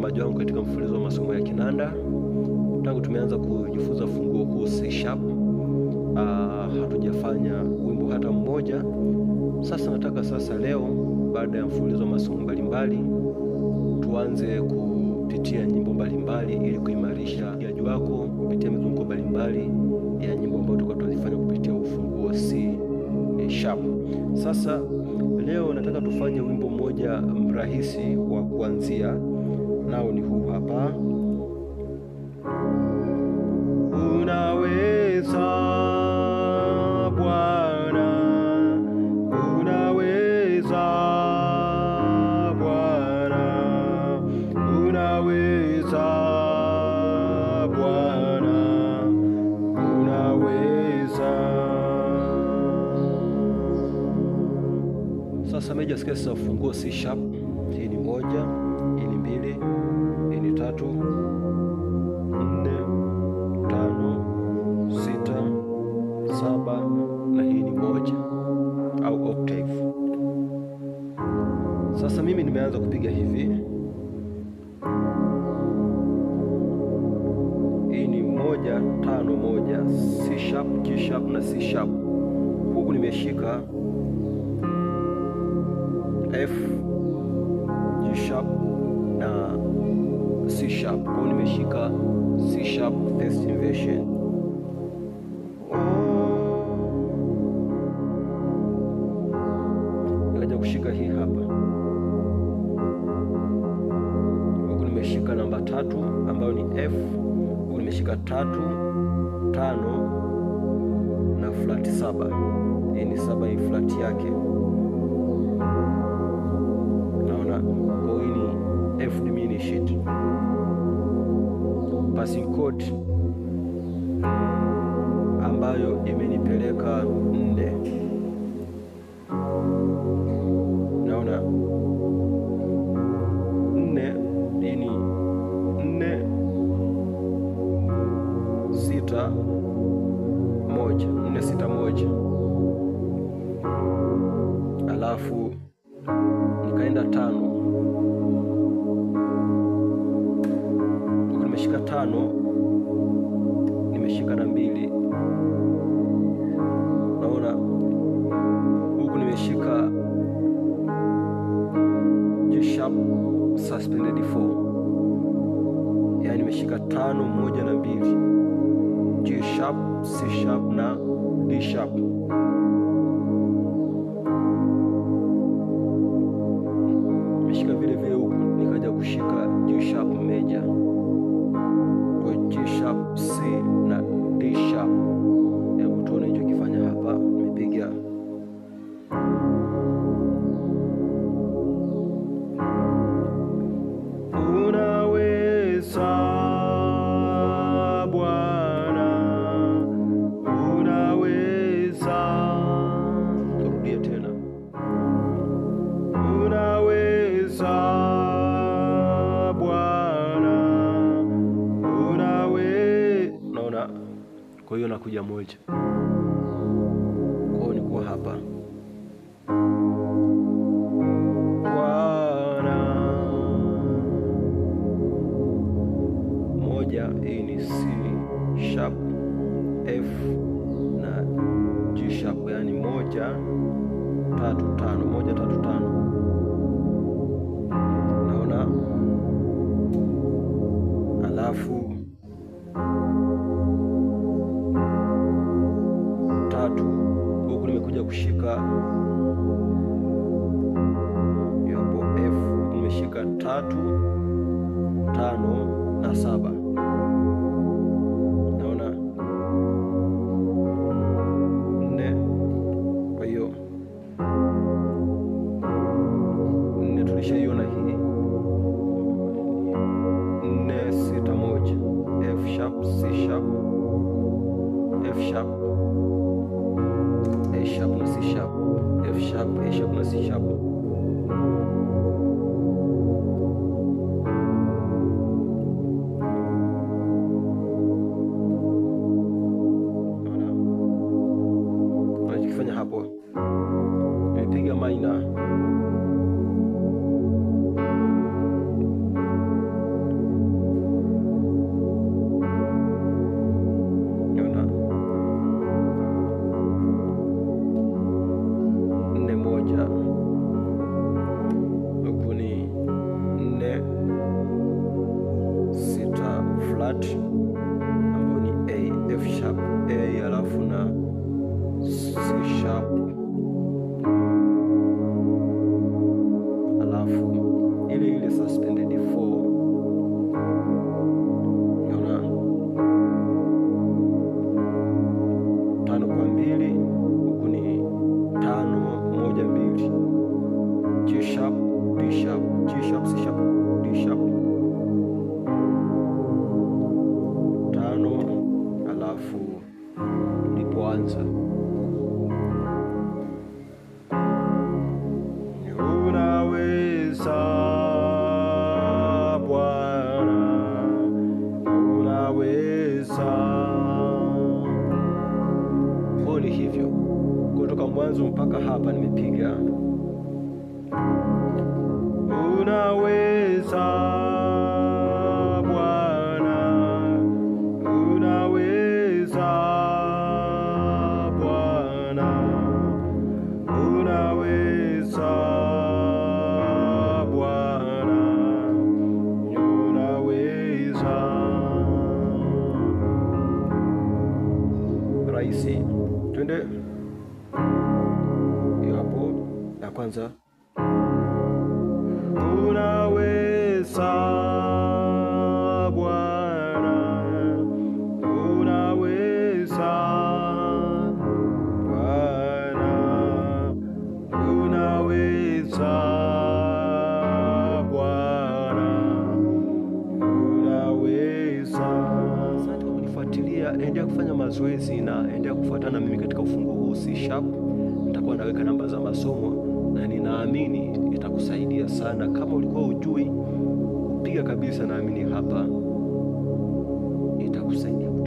usombaji wangu katika mfululizo wa masomo ya kinanda tangu tumeanza kujifunza funguo kuu C sharp. Uh, ah, hatujafanya wimbo hata mmoja. Sasa nataka sasa leo, baada ya mfululizo wa masomo mbalimbali, tuanze kupitia nyimbo mbalimbali ili kuimarisha ujuaji wako kupitia mizunguko mbalimbali ya nyimbo ambayo tulikuwa tunazifanya kupitia ufunguo C sharp. Sasa leo nataka tufanye wimbo mmoja mrahisi wa kuanzia nao ni huu hapa. Unaweza Bwana, unaweza Bwana, unaweza Bwana, unaweza. Sasa meja scale za ufunguo C sharp, hii ni moja mbili, hii ni tatu, nne, tano, sita, saba na hii ni moja au octave. Sasa mimi nimeanza kupiga hivi. Hii ni moja tano moja, C sharp, G sharp na C sharp. Huku nimeshika F, G sharp na C sharp kwa nimeshika C sharp first inversion nikaja kushika hii hapa huku nimeshika namba tatu ambayo ni F huku nimeshika tatu tano na flat saba hii ni saba hii flat yake finish it. Passing court ambayo imenipeleka nne. Naona nne ini nne sita moja nne sita moja, alafu nikaenda tano nimeshika tano, nimeshika na mbili, naona huku nimeshika G sharp suspended 4, yaani nimeshika tano moja na mbili, G sharp, C sharp na D sharp. kuja moja kwao ni kwa hapa Bwana moja. Hii ni C sharp F na G sharp, yani moja tatu mpaka hapa nimepiga. Unaweza Bwana, unaweza ya kwanza unaweza endelea kufanya mazoezi na endelea kufuatana mimi katika ufungo huu C sharp. Nitakuwa naweka namba za masomo na ninaamini itakusaidia sana. Kama ulikuwa ujui, piga kabisa, naamini hapa itakusaidia.